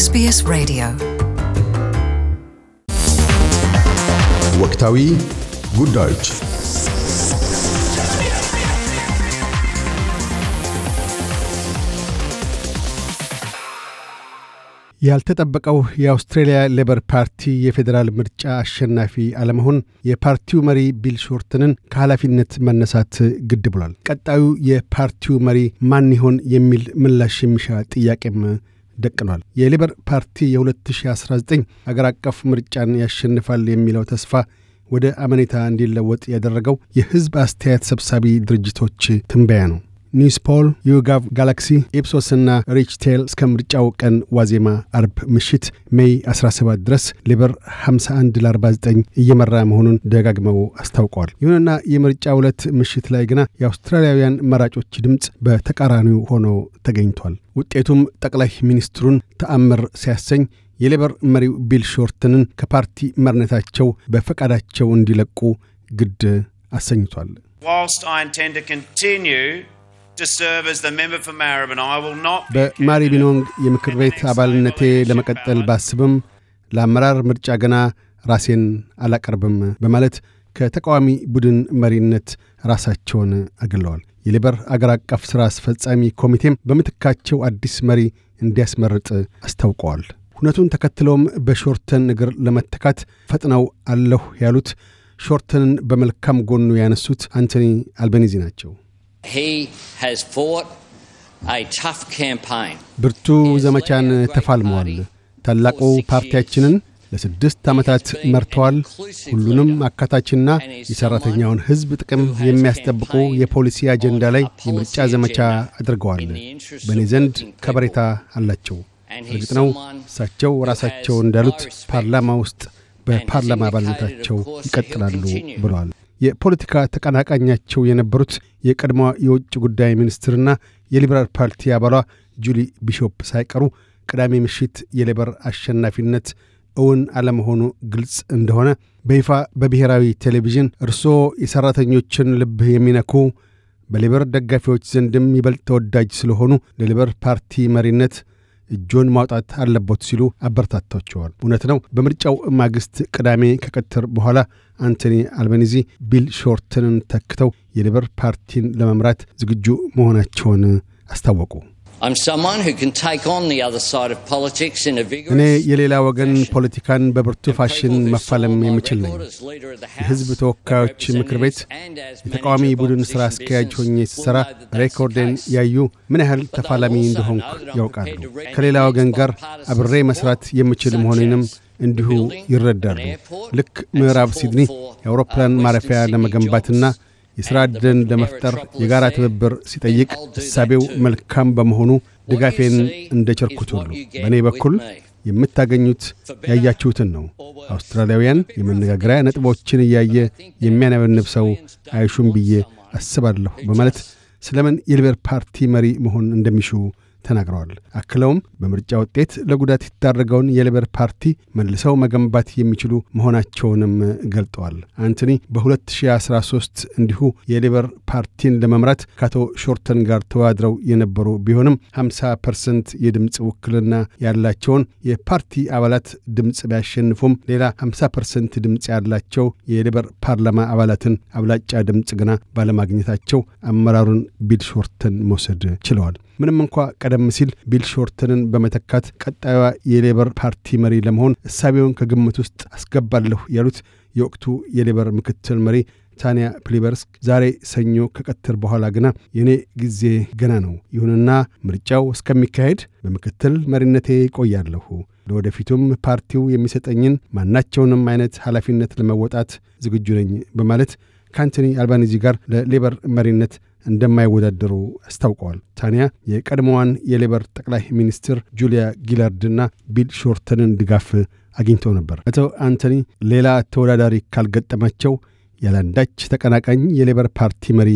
ኤስቢኤስ ሬዲዮ ወቅታዊ ጉዳዮች ያልተጠበቀው የአውስትሬልያ ሌበር ፓርቲ የፌዴራል ምርጫ አሸናፊ አለመሆን የፓርቲው መሪ ቢል ሾርትንን ከኃላፊነት መነሳት ግድ ብሏል። ቀጣዩ የፓርቲው መሪ ማን ይሆን የሚል ምላሽ የሚሻ ጥያቄም ደቅኗል። የሌበር ፓርቲ የ2019 አገር አቀፍ ምርጫን ያሸንፋል የሚለው ተስፋ ወደ አመኔታ እንዲለወጥ ያደረገው የሕዝብ አስተያየት ሰብሳቢ ድርጅቶች ትንበያ ነው። ኒውስፖል፣ ዩጋቭ ጋላክሲ፣ ኢፕሶስና ሪችቴል እስከ ምርጫው ቀን ዋዜማ አርብ ምሽት ሜይ 17 ድረስ ሊበር 51 ለ49 እየመራ መሆኑን ደጋግመው አስታውቀዋል። ይሁንና የምርጫ ዕለት ምሽት ላይ ግና የአውስትራሊያውያን መራጮች ድምፅ በተቃራኒው ሆኖ ተገኝቷል። ውጤቱም ጠቅላይ ሚኒስትሩን ተአምር ሲያሰኝ የሌበር መሪው ቢል ሾርትንን ከፓርቲ መርነታቸው በፈቃዳቸው እንዲለቁ ግድ አሰኝቷል። በማሪ ቢኖንግ የምክር ቤት አባልነቴ ለመቀጠል ባስብም ለአመራር ምርጫ ገና ራሴን አላቀርብም በማለት ከተቃዋሚ ቡድን መሪነት ራሳቸውን አግለዋል። የሌበር አገር አቀፍ ሥራ አስፈጻሚ ኮሚቴም በምትካቸው አዲስ መሪ እንዲያስመርጥ አስታውቀዋል። ሁነቱን ተከትለውም በሾርተን እግር ለመተካት ፈጥነው አለሁ ያሉት ሾርተንን በመልካም ጎኑ ያነሱት አንቶኒ አልበኒዚ ናቸው። ብርቱ ዘመቻን ተፋልመዋል። ታላቁ ፓርቲያችንን ለስድስት ዓመታት መርተዋል። ሁሉንም አካታችና የሠራተኛውን ሕዝብ ጥቅም የሚያስጠብቁ የፖሊሲ አጀንዳ ላይ የምርጫ ዘመቻ አድርገዋል። በእኔ ዘንድ ከበሬታ አላቸው። እርግጥ ነው እሳቸው ራሳቸው እንዳሉት ፓርላማ ውስጥ በፓርላማ አባልነታቸው ይቀጥላሉ ብለዋል። የፖለቲካ ተቀናቃኛቸው የነበሩት የቀድሞ የውጭ ጉዳይ ሚኒስትርና የሊበራል ፓርቲ አባሏ ጁሊ ቢሾፕ ሳይቀሩ ቅዳሜ ምሽት የሌበር አሸናፊነት እውን አለመሆኑ ግልጽ እንደሆነ በይፋ በብሔራዊ ቴሌቪዥን እርስዎ የሠራተኞችን ልብ የሚነኩ በሌበር ደጋፊዎች ዘንድም ይበልጥ ተወዳጅ ስለሆኑ ለሊበር ፓርቲ መሪነት እጆን ማውጣት አለቦት ሲሉ አበረታታቸዋል። እውነት ነው። በምርጫው ማግስት ቅዳሜ ከቀትር በኋላ አንቶኒ አልበኒዚ ቢል ሾርተንን ተክተው የሊበር ፓርቲን ለመምራት ዝግጁ መሆናቸውን አስታወቁ። እኔ የሌላ ወገን ፖለቲካን በብርቱ ፋሽን መፋለም የምችል ነኝ። የሕዝብ ተወካዮች ምክር ቤት የተቃዋሚ ቡድን ሥራ አስኪያጅ ሆኜ ስሠራ ሬኮርዴን ያዩ ምን ያህል ተፋላሚ እንደሆንኩ ያውቃሉ። ከሌላ ወገን ጋር አብሬ መሥራት የምችል መሆኔንም እንዲሁ ይረዳሉ። ልክ ምዕራብ ሲድኒ uh, የአውሮፕላን ማረፊያ ለመገንባትና የሥራ ዕድልን ለመፍጠር የጋራ ትብብር ሲጠይቅ እሳቤው መልካም በመሆኑ ድጋፌን እንደ ቸርኩት ሁሉ በእኔ በኩል የምታገኙት ያያችሁትን ነው። አውስትራሊያውያን የመነጋገሪያ ነጥቦችን እያየ የሚያነበንብ ሰው አይሹም ብዬ አስባለሁ በማለት ስለምን የሊበር ፓርቲ መሪ መሆን እንደሚሹ ተናግረዋል። አክለውም በምርጫ ውጤት ለጉዳት የዳረገውን የሌበር ፓርቲ መልሰው መገንባት የሚችሉ መሆናቸውንም ገልጠዋል። አንቶኒ በ2013 እንዲሁ የሌበር ፓርቲን ለመምራት ከአቶ ሾርተን ጋር ተወዳድረው የነበሩ ቢሆንም 50 ፐርሰንት የድምፅ ውክልና ያላቸውን የፓርቲ አባላት ድምፅ ቢያሸንፉም ሌላ 50 ፐርሰንት ድምፅ ያላቸው የሌበር ፓርላማ አባላትን አብላጫ ድምፅ ግና ባለማግኘታቸው አመራሩን ቢል ሾርተን መውሰድ ችለዋል። ምንም እንኳ ቀደም ሲል ቢል ሾርተንን በመተካት ቀጣዩዋ የሌበር ፓርቲ መሪ ለመሆን እሳቤውን ከግምት ውስጥ አስገባለሁ ያሉት የወቅቱ የሌበር ምክትል መሪ ታንያ ፕሊበርስክ ዛሬ ሰኞ ከቀትር በኋላ ግና የእኔ ጊዜ ገና ነው። ይሁንና ምርጫው እስከሚካሄድ በምክትል መሪነቴ ቆያለሁ። ለወደፊቱም ፓርቲው የሚሰጠኝን ማናቸውንም አይነት ኃላፊነት ለመወጣት ዝግጁ ነኝ በማለት ከአንቶኒ አልባኒዚ ጋር ለሌበር መሪነት እንደማይወዳደሩ አስታውቀዋል። ታንያ የቀድሞዋን የሌበር ጠቅላይ ሚኒስትር ጁሊያ ጊላርድና ቢል ሾርተንን ድጋፍ አግኝተው ነበር። አቶ አንቶኒ ሌላ ተወዳዳሪ ካልገጠማቸው ያለአንዳች ተቀናቃኝ የሌበር ፓርቲ መሪ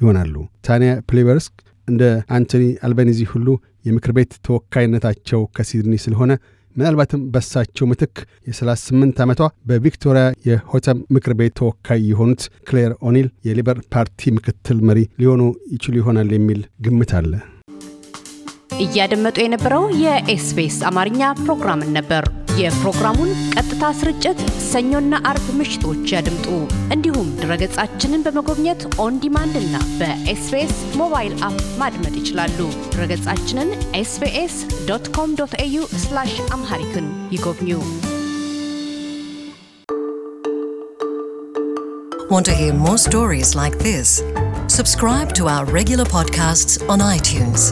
ይሆናሉ። ታንያ ፕሌበርስክ እንደ አንቶኒ አልባኒዚ ሁሉ የምክር ቤት ተወካይነታቸው ከሲድኒ ስለሆነ ምናልባትም በሳቸው ምትክ የ38 ዓመቷ በቪክቶሪያ የሆተም ምክር ቤት ተወካይ የሆኑት ክሌር ኦኒል የሊበር ፓርቲ ምክትል መሪ ሊሆኑ ይችሉ ይሆናል የሚል ግምት አለ። እያደመጡ የነበረው የኤስፔስ አማርኛ ፕሮግራምን ነበር። የፕሮግራሙን ቀጥታ ስርጭት ሰኞና አርብ ምሽቶች ያድምጡ። እንዲሁም ድረገጻችንን በመጎብኘት ኦን ዲማንድ እና በኤስቤስ ሞባይል አፕ ማድመጥ ይችላሉ። ድረገጻችንን ኤስቢኤስ ዶት ኮም ዶት ኤዩ አምሃሪክን ይጎብኙ። Want to hear more stories like this? Subscribe to our regular podcasts on iTunes.